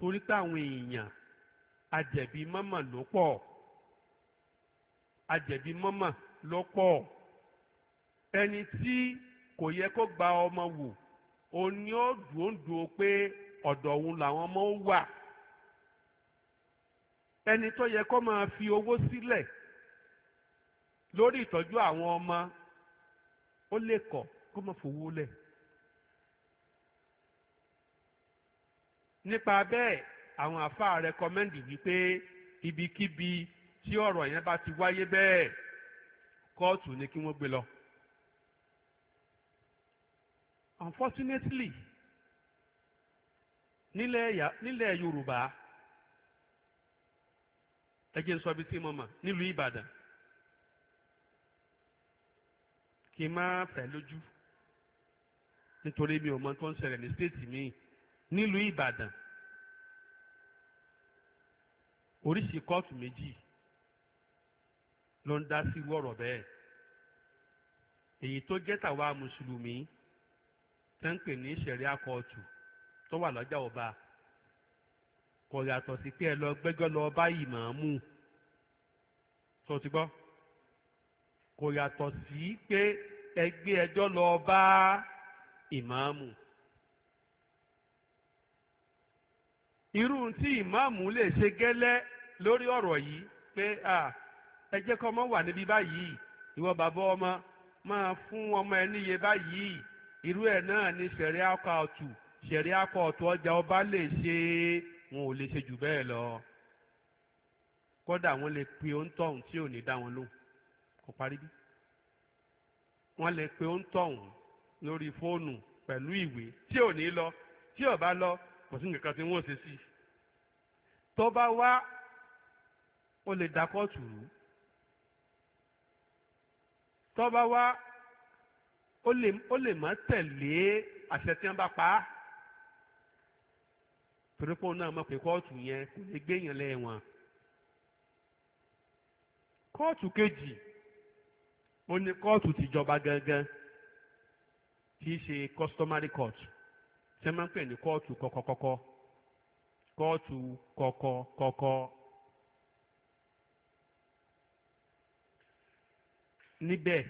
torí pé àwọn èèyàn ajẹ̀bi mọ́mọ̀ ló pọ̀ ajẹ̀bi mọ́mọ̀ ló pọ̀ ẹni tí kò yẹ kó gba ọmọ wò òun ni ó dòńdò pé ọ̀dọ̀ òun làwọn ọmọ ó wà ẹni tó yẹ kó máa fi owó sílẹ̀ lórí ìtọ́jú àwọn ọmọ ó lè kọ̀ kó máa fowó lẹ̀. nípa bẹ́ẹ̀ àwọn àfáà rẹkọmẹ́ndì wípé ibikíbi tí ọ̀rọ̀ yẹn bá ti wáyé bẹ́ẹ̀ kóòtù ni kí wọ́n gbé lọ. unfortunately nílẹ̀ Yorùbá ẹ jẹ́ n sọ ibi tí mo mọ̀ nílùú Ìbàdàn kí n má fẹ́ lójú nítorí mi ò mọ tó ń ṣẹlẹ̀ ní stéètì míì nílùú Ìbàdàn oríṣi kóòtù méjì ló ń dá sí wọ̀rọ̀ bẹ́ẹ̀ èyí tó jẹ́ tàwa mùsùlùmí tẹ́ ń pè ní sẹ̀ríà kóòtù tó wà lọ́jà ọba kò yàtọ̀ sí pé ẹ lọ gbẹ́jọ́ lọ bá ìmáàmù tó ti gbọ́ kò yàtọ̀ sí pé ẹ gbé ẹjọ́ lọ bá ìmáàmù. irú tí ìmáàmù lè ṣe gẹ́lẹ́ lórí ọ̀rọ̀ yìí pé ẹ jẹ́ kọ́ ọmọ wà níbi báyìí ìwọ bàbá ọmọ máa fún ọmọ ẹ níye báyìí irú ẹ̀ náà ni ṣẹ̀rí akọ ọ̀tù ṣẹ̀rí akọ ọ̀tù ọjà ọba lè ṣe wọn ò lè ṣe jù bẹ́ẹ̀ lọ kódà wọ́n lè pe òǹtọ̀hún tí ò ní dá wọn lóhùn kò parí bí wọ́n lè pe òǹtọ̀hún lórí fóònù pẹ̀lú ìwé tí ò ní lọ tí ò bá lọ kò sí nǹkan tí wọ́n ṣe sí i tó bá wá o lè dá kóòtù rú tó bá wá o lè o lè má tẹ̀lé àṣẹ tí wọ́n bá pa á torí pé òun náà mọ̀ pé kóòtù yẹn kò lè gbé yẹn lẹ́wọ̀n kóòtù kejì ó ní kóòtù tìjọba gangan kì í ṣe customary court tí wọ́n máa ń pè ní kóòtù kọ́kọ́kọ́kọ́ kóòtù kọ̀kọ̀ kọ̀kọ̀. níbẹ̀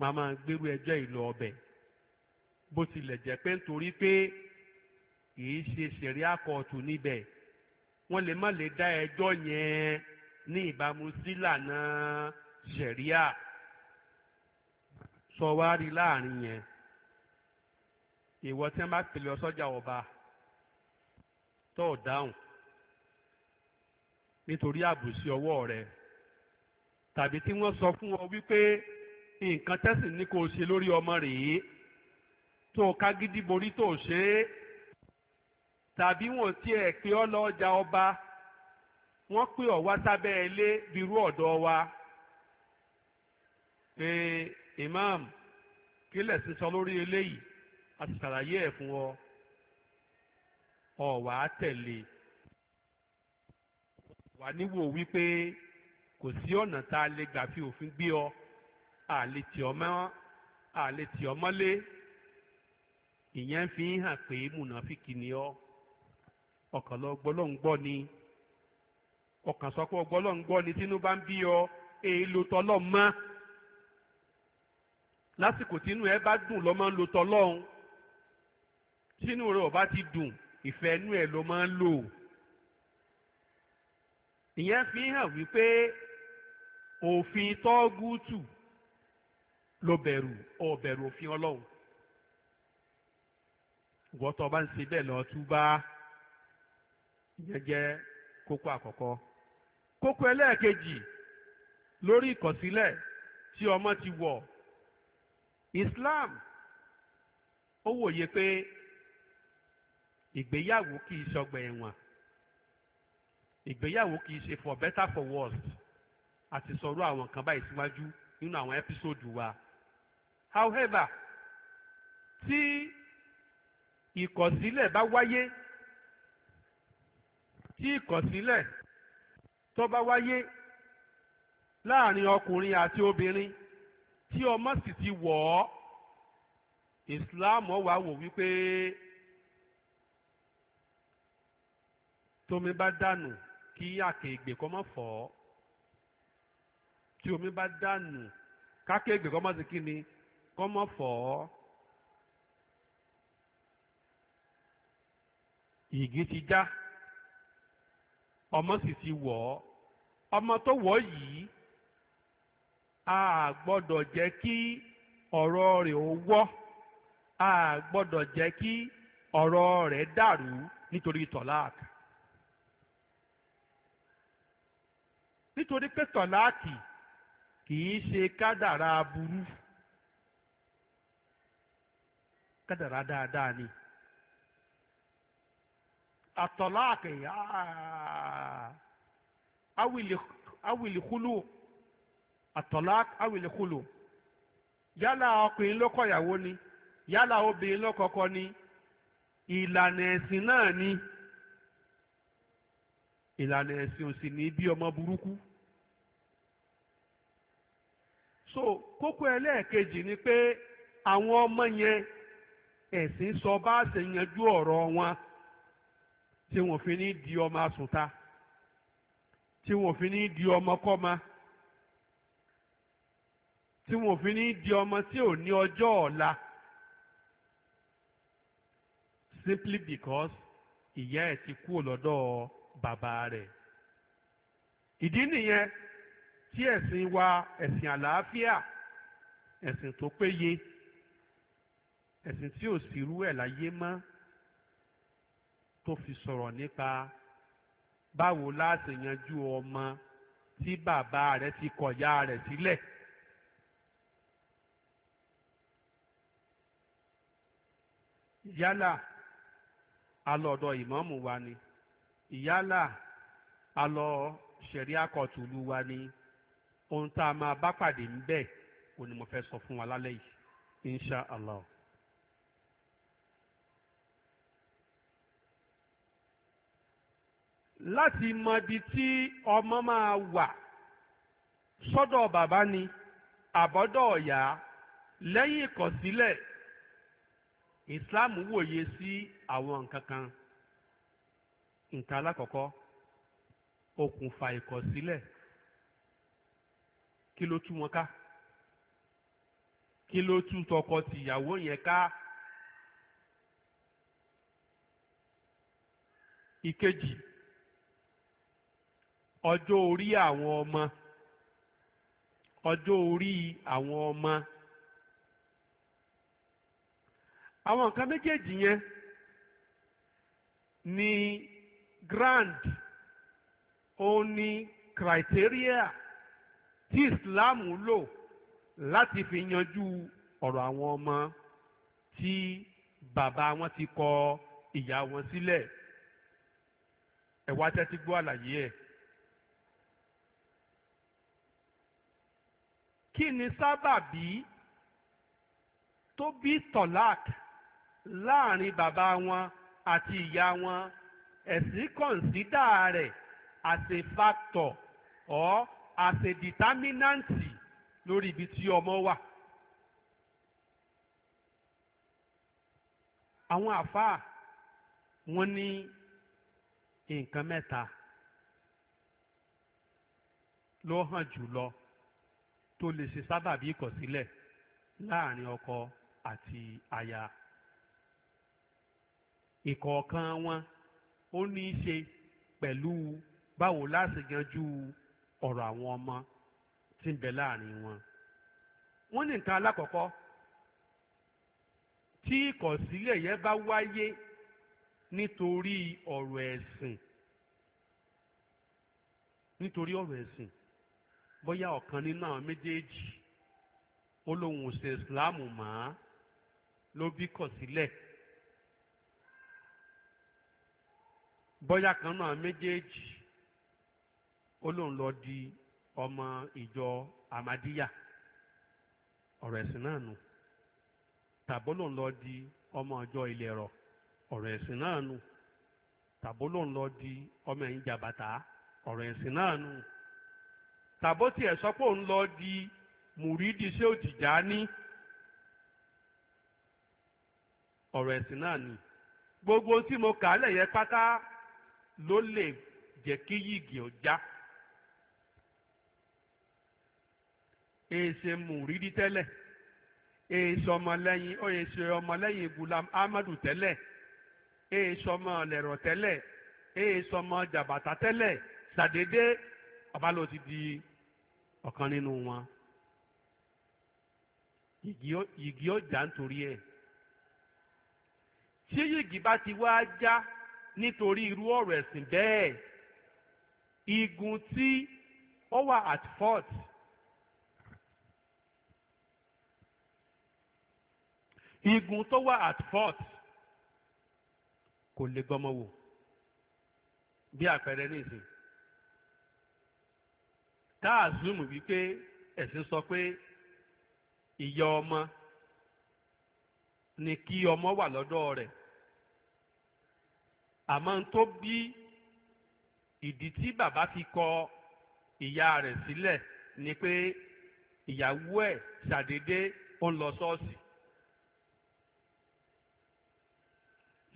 màá máa gbérú ẹjọ́ ìlú ọbẹ̀ bó tilẹ̀ jẹ́ pé nítorí pé kìí ṣe ṣẹ̀ríà kóòtù níbẹ̀ wọ́n lè má lè dá ẹjọ́ yẹn ní ìbámu sílànà ṣẹ̀ríà sọ wá rí láàrin yẹn ìwọ tí wọ́n bá pèlè ọsọ́jà ọba tó o dáhùn nítorí àbùsí ọwọ́ rẹ tàbí tí wọ́n sọ fún ọ wípé nǹkan tẹ́sìn ní kò ṣe lórí ọmọ rèé tó o ká gidi borí tó o ṣe é tàbí wọn tiẹ̀ pé ọ lọ ọjà ọba wọ́n pè ọ wá sábẹ́ ilé bírú ọ̀dọ̀ wa pé imam kílẹ̀ sísọ lórí eléyìí a ti ṣàlàyé ẹ̀ fún ọ. ọ̀wà tẹ̀lé wà níwò wípé kò sí ọ̀nà tá a lè gbà fi òfin gbé ọ àlè tì ọ mọ́ àlè tì ọ mọ́lé ìyẹn fi ń hàn pé mùnàfíkì ni ọ ọkàn lọ gbọ́ ló ń ni ọkàn sọ pé ọgbọ́ ló ń ni tinubu bá ń bí ọ èyí ló tọ́ lọ́ mọ́ lásìkò tínú ẹ bá dùn lọ́ máa ń lo tọ́ lọ́hún rẹ ọba ti dùn ìfẹ́ inú ẹ̀ ló máa ń lò ìyẹn fi hàn wípé òfin tọ́gùtù ló bẹ̀rù ó bẹ̀rù òfin ọlọ́run ìwọ tó bá ń ṣe bẹ́ẹ̀ lọ túbá ìyẹn jẹ́ kókó àkọ́kọ́ kókó ẹlẹ́ẹ̀kejì lórí ìkọ̀sílẹ̀ tí ọmọ ti wọ̀ Islam ó wòye pé ìgbéyàwó kì í ṣọgbà ẹ̀wọ̀n ìgbéyàwó kì í ṣe for better for worse àti sọ̀rọ̀ àwọn kan báyìí síwájú nínú àwọn ẹ́písòdù wa however tí ìkọ̀sílẹ̀ bá wáyé tí ìkọ̀sílẹ̀ tó bá wáyé láàrin ọkùnrin àti obìnrin tí ọmọ sì ti wọ̀ ọ́ ìsìláàmù wà wò wípé tómi bá dànù kí àkègbè kọ́ mọ́ fọ́ tí omi bá dànù kákègbè kọ́ mọ́ sí kí ni kọ́ mọ́ fọ́ ìgì ti já ọmọ sì ti wọ̀ ọ́ ọmọ tó wọ̀ yìí a gbọ́dọ̀ jẹ́ kí ọ̀rọ̀ rẹ̀ ó wọ́ a gbọ́dọ̀ jẹ́ kí ọ̀rọ̀ rẹ̀ dàrú nítorí tọ̀láàkì. nítorí pé tọ̀láàkì kì í ṣe kádàrá burú kádàrá dáadáa ni àtọ̀láàkì ah, awìlì kúlù àtọ̀láàkì awìlì kúlù yálà ọkùnrin lọ́kọ ìyàwó ni yálà obìnrin lọ́kọ̀ọ́kọ́ ni ìlànà ẹ̀sìn náà ni ìlànà ẹ̀sìn ò sì ní bí ọmọ burúkú so kókó ẹlẹ́ẹ̀kejì ni pé àwọn ọmọ yẹn ẹ̀sìn sọ bá ṣe yanjú ọ̀rọ̀ wọn tí wọ́n fi ní di ọmọ asùnta tí wọ́n fi ní di ọmọkọ́mọ tí wọ́n fi ní di ọmọ tí ò ní ọjọ́ ọ̀la simply because ìyá ẹ̀ ti kú lọ́dọ̀ bàbá rẹ̀ ìdí nìyẹn tí ẹ̀sìn wa ẹ̀sìn àlàáfíà ẹ̀sìn tó péye ẹ̀sìn tí ò sírú ẹ̀ láyé mọ́ tó fi sọ̀rọ̀ nípa báwo láti yanjú ọmọ tí bàbá rẹ̀ ti kọ̀yà rẹ̀ sílẹ̀. yálà alọ́dọ̀ ìmọ̀ọ́mù wa ni ìyálà alọ́ sẹ̀ríà kọ̀tùlù wa ni ohun tá a máa bá pàdé ń bẹ̀ ò ní mo fẹ́ sọ fún wa lálẹ́ yìí insha allah. láti mọ ibi tí ọmọ máa wà sọ́dọ̀ bàbá ni àbọ́dọ̀ ọ̀yà lẹ́yìn ìkọ̀sílẹ̀ islam wòye sí àwọn nǹkan kan nǹkan alákọ̀ọ́kọ́ okùnfà ìkọ̀sílẹ̀ kí ló tú wọn ká kí ló tú tọkọ-tìyàwó yẹn ká. ìkejì ọjọ́ orí àwọn ọmọ ọjọ́ orí àwọn ọmọ àwọn nǹkan méjèèjì yẹn ní grand ó ní criteria tí Islam lò láti fi yanjú ọ̀rọ̀ àwọn ọmọ tí bàbá wọn ti kọ ìyá wọn sílẹ̀ ẹ wá tẹ́tí gbọ́ àlàyé ẹ̀. kí ni sábàbí tó bí tọ́lák láàrin bàbá wọn àti ìyá wọn ẹ̀sìn kọ̀ǹsídà rẹ̀ as a factor or àṣẹ dìtámínàǹtì lórí ibi tí ọmọ wà. àwọn àfáà wọ́n ní nǹkan mẹ́ta ló hàn jùlọ tó lè ṣe sábàbí ìkọ̀sílẹ̀ láàrin ọkọ àti aya ìkọ̀ọ̀kan wọn ó ní í ṣe pẹ̀lú báwo láti yanjú Ọrọ àwọn ọmọ tí ń bẹ láàrin wọn. wọn ní nǹkan alákọ̀ọ́kọ́ tí ìkọ̀sílẹ̀ yẹn bá wáyé nítorí ọ̀rọ̀ ẹ̀sìn nítorí ọ̀rọ̀ ẹ̀sìn bóyá ọ̀kan nínú àwọn méjèèjì ó lóun ṣe islam mọ́ ló bí kọ̀sílẹ̀ bóyá kan náà méjèèjì ó lóun lọ di ọmọ ìjọ amadiya ọrọ ẹ̀sìn náà nù tàbó lòun lọ di ọmọ ọjọ ìlẹ̀rọ̀ ọrọ ẹ̀sìn náà nù tàbó lòun lọ di ọmọ ẹ̀yìn jàbàtà ọrọ ẹ̀sìn náà nù tàbó tiẹ̀ sọ pé òun lọ di mùrídì ṣé òtìjà ní ọrọ ẹ̀sìn náà nì gbogbo tí mo kà á lẹ̀ yẹ pátá ló lè jẹ́ kí yìgì ó Ja. èsè mùrídì tẹ́lẹ̀ èsè ọmọlẹ́yìn èsè ọmọlẹ́yìn gulam amadu tẹ́lẹ̀ èsè ọmọ lẹ̀rọ̀ tẹ́lẹ̀ èsè ọmọ jàbàtà tẹ́lẹ̀ sàdédé ọba ló ti di ọ̀kan nínú wọn yìgì ọjà nítorí ẹ̀ tí yìgì bá ti wá já nítorí irú ọ̀rọ̀ ẹ̀sìn bẹ́ẹ̀ igun tí ó wà at fault igun tó wà at fort kò lè gbọmọ wò bí àpẹẹrẹ nìsín tá a zoom wípé ẹ̀sìn sọ pé ìyá ọmọ ni kí ọmọ wà lọ́dọ̀ rẹ̀ àmọ́ ń tó bí ìdí tí bàbá fi kọ ìyá rẹ̀ sílẹ̀ ni pé ìyàwó ẹ̀ ṣàdédé ó ń lọ ṣọ́ọ̀ṣì.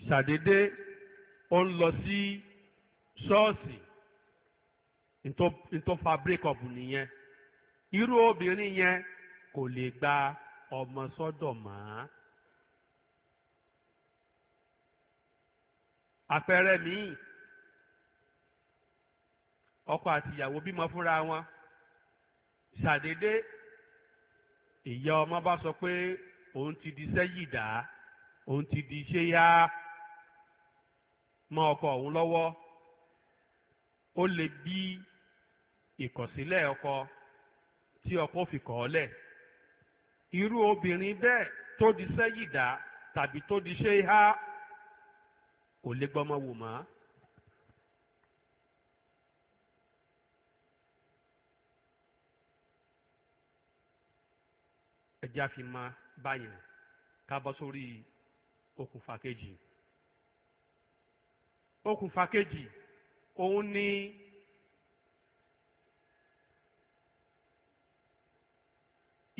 ṣàdédé ó ń lọ sí ṣọ́ọ̀ṣì nítorí fa break up nìyẹn irú obìnrin yẹn kò lè gba ọmọ sọ́dọ̀ mọ́. àpẹẹrẹ míì ọkọ àtìyàwó bímọ fúnra wọn ṣàdédé ìyá ọmọ bá sọ pé òun ti di sẹ́yìdá òun ti di ṣéyá mọ́ ọkọ ọ̀hún lọ́wọ́ ó lè bí ìkọ̀sílẹ̀ ọkọ tí ọkọ fi kọ̀ ọ́ lẹ̀ irú obìnrin bẹ́ẹ̀ tó di sẹ́yìdá tàbí tó di ṣéhá kò lè gbọ́mọ wò mọ́. ẹjẹ́ àfi máa báyìí ká bọ́ sórí okùnfà kejì okùnfà kejì òun ni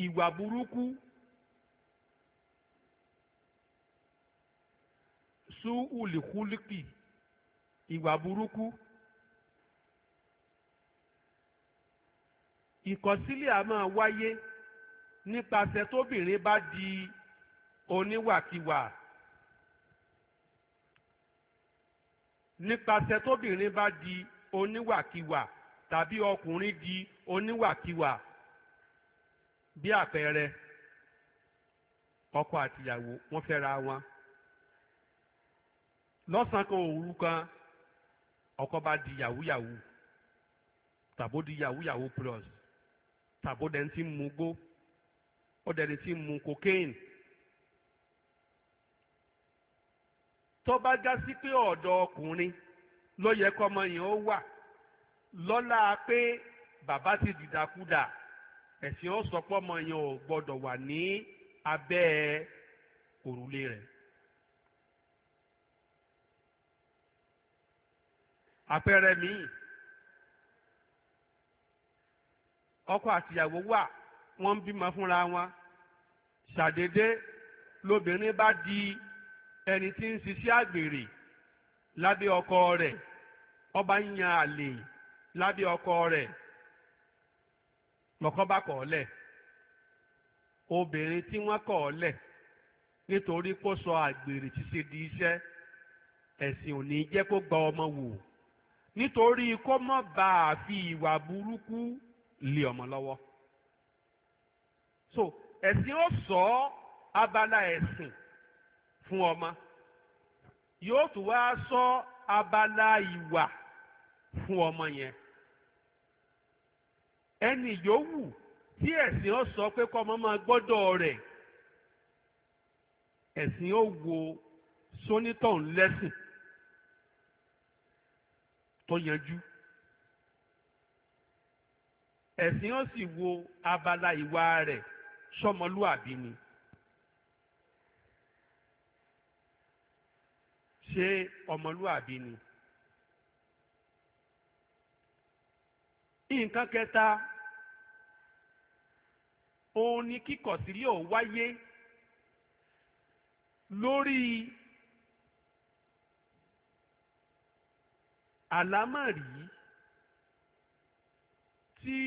ìwà burúkú suulikuliki ìwà burúkú ìkọ̀sílẹ̀ a máa wáyé nípasẹ̀ tóbìnrin bá di oníwàkiwà. nípasẹ̀ tóbìnrin bá di oníwàkiwà tàbí ọkùnrin di oníwàkiwà bí àpẹẹrẹ ọkọ àtìyàwó wọ́n fẹ́ra wọn lọ́sàn-án kan òru kan ọkọ bá di yàwúyàwú tàbó di yàwúyàwú plus tàbó dẹni tí ń mu gbó ó dẹni tí ń mu cocaine tó bá já sí pé ọ̀dọ̀ ọkùnrin ló yẹ kọ́mọ yẹn ó wà lọ́la pé bàbá ti dìdàkudà ẹ̀sìn ó sọ pé ọmọ yẹn ò gbọ́dọ̀ wà ní abẹ́ òrùlé rẹ̀. àpẹẹrẹ míì ọkọ àtìyàwó wà wọ́n bímọ fúnra wọn ṣàdédé lóbìnrin bá di ẹni tí ń ṣiṣẹ́ àgbèrè lábẹ́ ọkọ rẹ̀ ọba ń yan àlè ọkọ rẹ̀ lọ́kọ bá kọ̀ ọ́ obìnrin tí wọ́n kọ̀ ọ́ nítorí kó sọ àgbèrè ṣíṣe di gba ọmọ wò nítorí kó má fi ìwà burúkú lé ọmọ lọ́wọ́ so abala ẹ̀sìn fún ọmọ yóò tún wá sọ abala ìwà fún ọmọ yẹn ẹni yòówù tí ẹ̀sìn ó sọ pé kọ́mọ máa gbọ́dọ̀ rẹ̀ ẹ̀sìn ó wo sónítọ̀ ńlẹ́sìn tó yanjú ẹ̀sìn ó sì wo abala ìwà rẹ̀ sọmọlúàbí ni. ṣé ọmọlúwàbí ni. nǹkan kẹta òun ni kíkọ̀ sílẹ̀ ò wáyé lórí àlámọ̀rí tí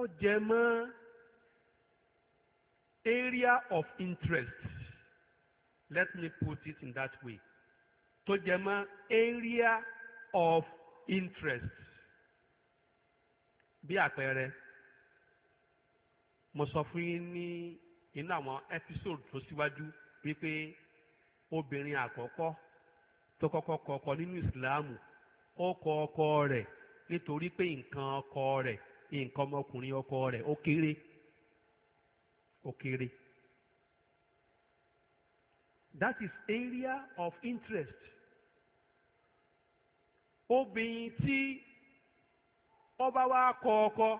ó jẹ mọ́ area of interest let me put it in that way tó jẹ mọ́ area of interest bí àpẹẹrẹ mo sọ fún yín ní inú àwọn episode tó síwájú wípé obìnrin àkọ́kọ́ tó kọ́kọ́ kọ ọkọ nínú ìsìláàmù ó kọ ọkọ rẹ̀ nítorí pé nǹkan ọkọ rẹ̀ nǹkan ọmọkùnrin ọkọ rẹ̀ ó kéré ó kéré. that is area of interest obìnrin tí ọba wa kọ ọkọ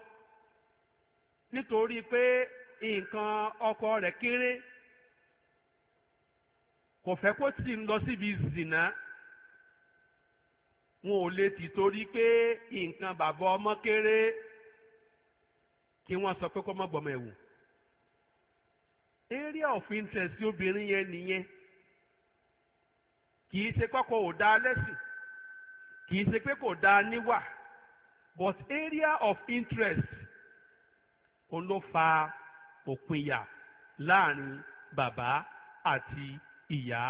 nítorí pé nǹkan ọkọ rẹ kéré kò fẹ́ kó tì ń lọ síbi zìnà wọn ò lè tì torí pé nǹkan bàbá ọmọ kéré kí wọ́n sọ pé kó má ẹ̀wù area of interest obìnrin yẹn nìyẹn. kì í ṣe pẹ́kọ̀ ò dáa lẹ́sìn kì í ṣe pé kò dáa níwà but area of interest òun ló fa òpinya láàrin bàbá àti ìyá.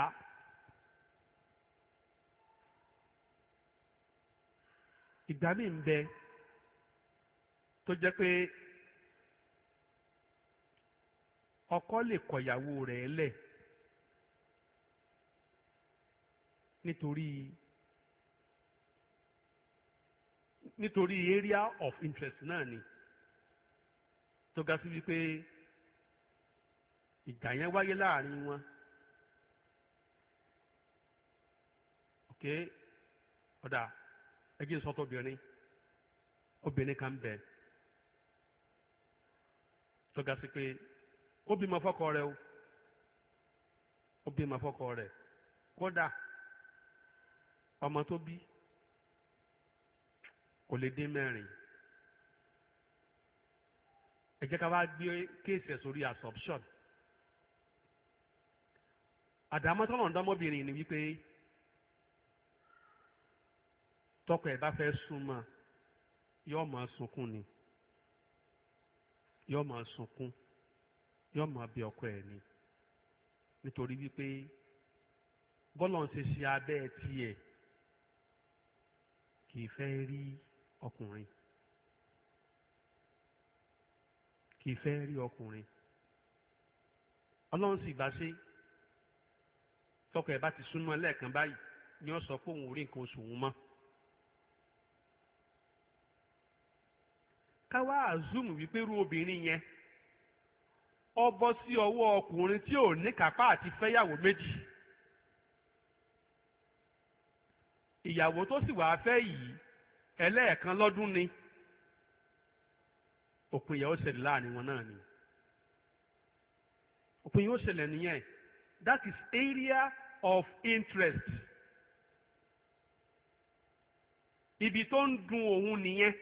ìgbà míì ń bẹ tó jẹ́ pé ọkọ lè kọ̀yàwó rẹ̀ lẹ̀. nítorí nítorí area of interest náà ni tó ga sí wípé ìjà yẹn wáyé láàrin wọn ok ọ̀dà ẹjẹ́ sọ́tọ̀ obìnrin obìnrin kan bẹ̀ tó ga sí pé ó bímọ fọ́kọ rẹ̀ ó bímọ fọ́kọ rẹ̀ kódà ọmọ tó bí kò lè dín mẹ́rin ẹ jẹ́ ká wá gbé kéèsì ẹ̀ sórí absorption àdámọ́tọ́lọ̀ ń dánmọ́bìnrin ni wípé tọkọ ẹ̀ bá fẹ́ súnmọ́ yóò máa sunkún ni yóò máa sunkún yóò máa bí ọkọ ẹ̀ ni nítorí wípé bọ́lọ̀ ń ṣe ṣe abẹ́ tiẹ̀ kì í fẹ́ rí ọkùnrin kì í fẹ́ rí ọkùnrin ọlọ́run sì bá ṣe tọkọ ẹ̀ bá ti súnmọ́ lẹ́ẹ̀kan báyìí ni ó sọ pé òun ò rí nǹkan oṣù òun mọ́. káwá àzùmù wípé irú obìnrin yẹn ọ bọ́ sí ọwọ́ ọkùnrin tí ò ní kápá àti fẹ́yàwó méjì. ìyàwó tó sì wàá fẹ́ yìí ẹlẹ́ẹ̀kan lọ́dún ni òpin ìyàwó ṣẹlẹ̀ láàrin wọn náà ni òpin yóò ṣẹlẹ̀ nìyẹn that is area of interest ibi tó ń dùn òun nìyẹn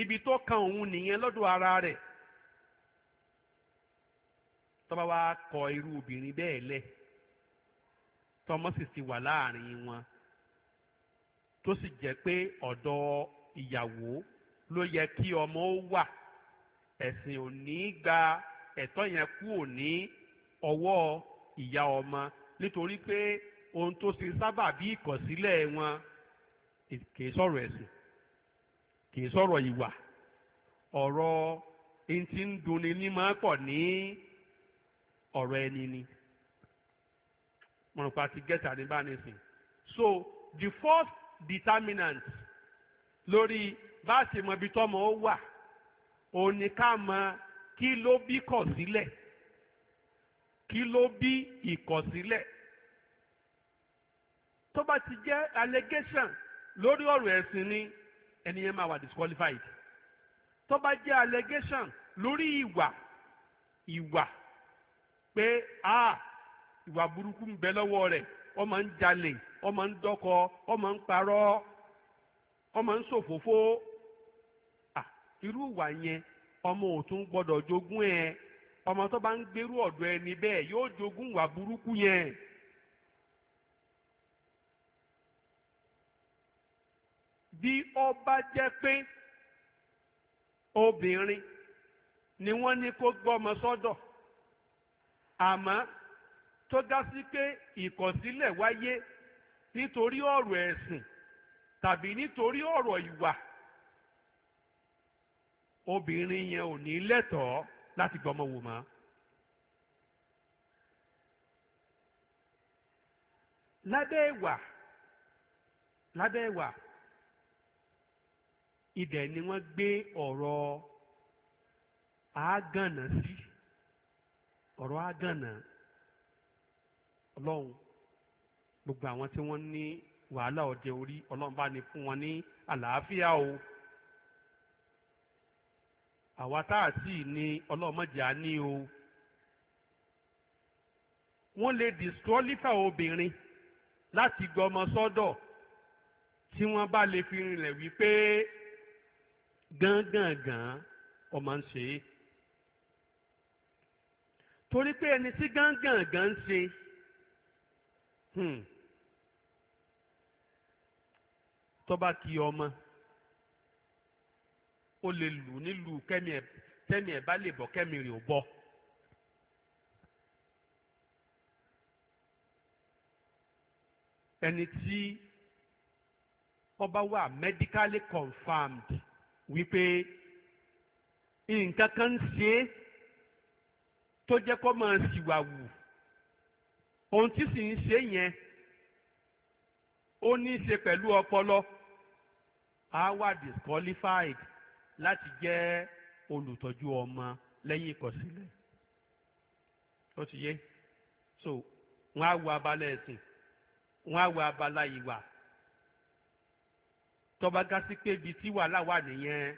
ibi tó kan òun nìyẹn lọ́dọ̀ ara rẹ̀ tọ́ba wa kọ irú obìnrin bẹ́ẹ̀ lẹ̀ tọmọ sì ti wà láàrin wọn tó sì jẹ́ pé ọ̀dọ̀ ìyàwó ló yẹ kí ọmọ ó wà ẹ̀sìn ò ní gba ẹ̀tọ́ yẹn kúrò ní ọwọ́ ìyá ọmọ nítorí pé ohun tó ṣe sábà bí ìkọ̀sílẹ̀ wọn kì í sọ̀rọ̀ ẹ̀sìn kì í sọ̀rọ̀ ìwà ọ̀rọ̀ ẹni tí ń dunni ní máa pọ̀ ní ọ̀rọ̀ ẹni ni mọ̀nùpá ti gẹ́ta ní bá ní sìn so the first determinant lórí bá a ṣe mọ ibi tọ́mọ ó wà òun ni ká mọ kí ló bí kọ̀sílẹ̀ kí ló bí ìkọ̀sílẹ̀ tó bá ti jẹ́ allegation lórí ọ̀rọ̀ ẹ̀sìn ni ẹni yẹn máa wà disqualified tó bá jẹ́ allegation lórí ìwà ìwà pé a ah, ìwà burúkú ń bẹ lọ́wọ́ rẹ̀ ọ máa ń jalè ọmọ ndọkọ ọmọ ń ọmọ ń a irú ìwà yẹn ọmọ otu gbọdọ gbọ́dọ̀ jogún ẹ ọmọ tó bá ń gbèrú ọ̀dọ̀ ni bẹ́ẹ̀ yóò jogún wà burúkú yẹn. bí ọba bá jẹ́ pé obìnrin ni wọ́n ní kó gbọ́mọ sọ́dọ̀ àmọ́ tó dá sí pé ìkọ̀sílẹ̀ wáyé nítorí ọ̀rọ̀ ẹ̀sìn tàbí nítorí ọ̀rọ̀ ìwà obìnrin yẹn ò ní lẹ́tọ̀ọ́ láti gbọ́mọ wò mọ́. lábẹ́ ìwà lábẹ́ ìwà ibẹ̀ ni wọ́n gbé ọ̀rọ̀ àágànnà sí ọ̀rọ̀ àágànnà ọlọ́run gbogbo àwọn tí wọ́n ní wàhálà ọ̀dẹ orí ọlọ́run bá ní fún wọn ní àlàáfíà o àwa tá a sì ní ọlọ́mọjà ní o wọ́n lè dìstrọ́lífà obìnrin láti gbọmọ sọ́dọ̀ tí wọ́n bá lè fi rinlẹ̀ wípé gángangan ọmọ ń ṣe é torí pé ẹni tí gángangan ń ṣe. Hmm, tó bá ti ọmọ ó lè lù nílùú kẹ́mi ẹ̀ tẹ́mi ẹ̀ bá lè bọ́ kẹ́mi rè ó bọ́. ẹni tí ọba wà medically confirmed wípé nǹkan kan ń ṣe é tó jẹ́ kó máa ṣìwàwù ohun tí sì ń ṣe yẹn ó ní í ṣe pẹ̀lú ọpọlọ á wà disqualified láti jẹ́ olùtọ́jú ọmọ lẹ́yìn ìkọ̀sílẹ̀ ó ti yé so wọ́n á wo abala ẹ̀sìn wọ́n á wo abala ìwà tọ́ba ga sí pé ibi tí wàhálà wà nìyẹn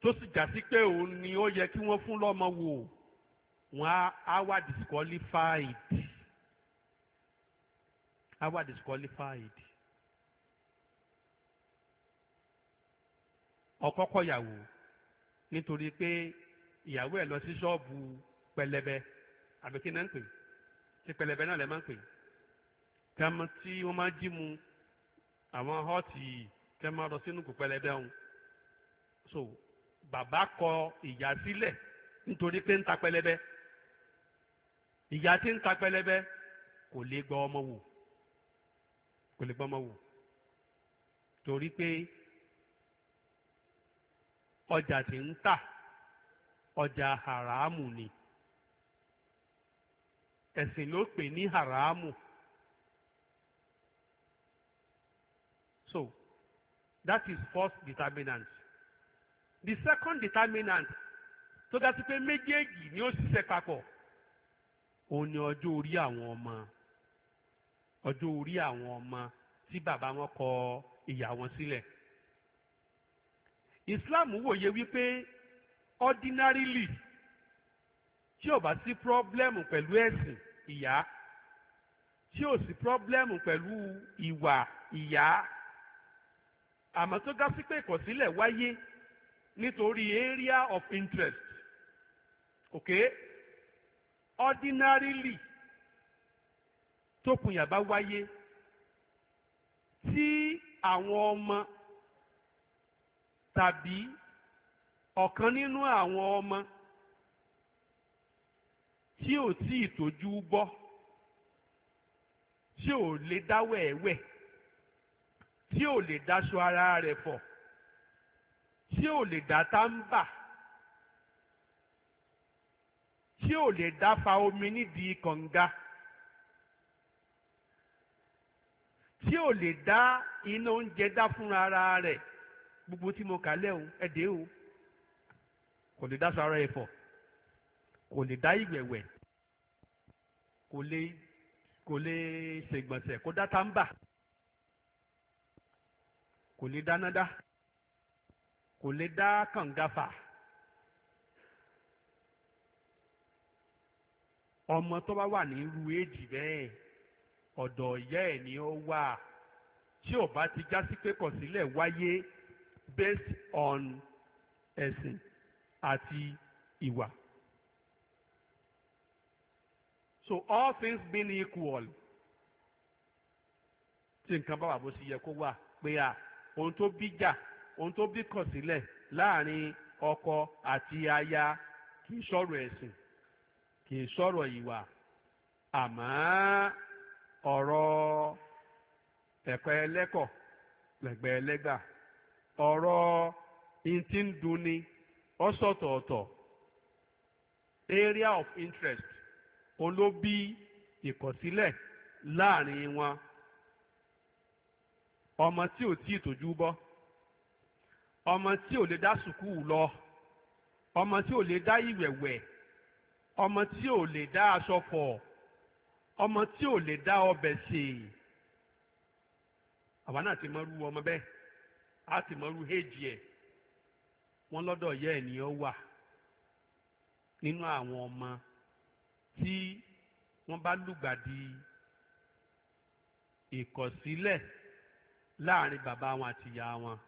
tó sì já sí pé òun ni ó yẹ kí wọ́n fún lọ́mọ wò wọ́n á wà disqualified á wà disqualified ọkọ kọyàwó nítorí pé ìyàwó ẹ̀ lọ sí ṣọ́ọ̀bù pẹlẹbẹ àbí kí náà ń pè tí pẹlẹbẹ náà lẹ máa ń pè tẹmọ tí wọ́n máa jí mu àwọn họ́ọ̀tì tẹmọ lọ sínú kù pẹlẹbẹ ọ̀hún so bàbá kọ ìyá sílẹ̀ nítorí pé ń ta pẹlẹbẹ ìyá tí ń ta pẹlẹbẹ kò lè gbọ́ ọmọ wò kò lè gbọ́ ọmọ wò torí pé. ọjà tí ń tà ọjà haramu ni ẹ̀sìn ló pè ní haramu so that is first determinant the second determinant tó ga sí pé méjèèjì ni ó ṣiṣẹ́ papọ̀ òun ni ọjọ́ orí àwọn ọmọ ọjọ́ orí àwọn ọmọ tí bàbá wọn kọ ìyá wọn sílẹ̀. Si Islam wòye wípé ordinarily tí ò bá sí pírọ́blẹ́mù pẹ̀lú ẹ̀sìn ìyá tí ò sí pírọ́blẹ́mù pẹ̀lú ìwà ìyá àmọ́ tó ga sí pé ìkọ̀sílẹ̀ wáyé nítorí area of interest okay ordinarily tó kùnyà bá wáyé tí àwọn ọmọ tàbí ọ̀kan nínú àwọn ọmọ tí ò tí ì tójú bọ́ tí ò lè dá wẹ̀ẹ́wẹ̀ tí ò lè daṣọ ara rẹ̀ fọ̀ tí ò lè dá táǹbà tí ò lè dá fa omi nídìí kànga tí ò lè dá iná oúnjẹ dá fúnra rẹ̀ gbogbo tí mo kà lẹ́ o ẹ̀dẹ́ o kò lè dá sara ẹ̀fọ́ kò lè dá ìwẹ̀wẹ̀ kò lè kò lè ṣègbọ̀nsẹ̀ kó dá táǹbà kò lè dáná dá kò lè dá kàngáfà. ọmọ tó bá wà ní irú èjì bẹ́ẹ̀ ọ̀dọ̀ ìyá ẹ̀ ni ó wà tí ò bá ti já sí pé kọ̀sílẹ̀ wáyé based on ẹ̀sìn àti ìwà. so all things being equal tí nǹkan bá wà bó ṣe yẹ kó wà pé à ohun tó bí jà ohun tó bí kọ̀ sílẹ̀ láàrin ọkọ àti aya kì í sọ̀rọ̀ ẹ̀sìn kì í sọ̀rọ̀ ìwà àmọ́ ọ̀rọ̀ ẹ̀kọ́ ẹlẹ́kọ̀ lẹ́gbẹ̀ẹ́ ọ̀rọ̀ ìtì ń dunni ọ̀sọ̀tọ̀ọ̀tọ̀ area of interest olóbi ìkọ̀sílẹ̀ láàrin wọn ọmọ tí ò tí ì tójú bọ́ ọmọ tí ò lè dá sùkúù lọ ọmọ tí ò lè dá ìwẹ̀wẹ̀ ọmọ tí ò lè dá aṣọ ọmọ tí ò lè dá ọbẹ̀ sè àwa náà ti mọ irú ọmọ bẹ́ẹ̀. a ti mọ̀rú heji ẹ̀ wọ́n lọ́dọ̀ yẹ́ ẹ̀ ni ó wà nínú àwọn ọmọ tí wọn bá lùgbàdì ìkọ̀sílẹ̀ láàrin bàbá wọn àti ìyá wọn.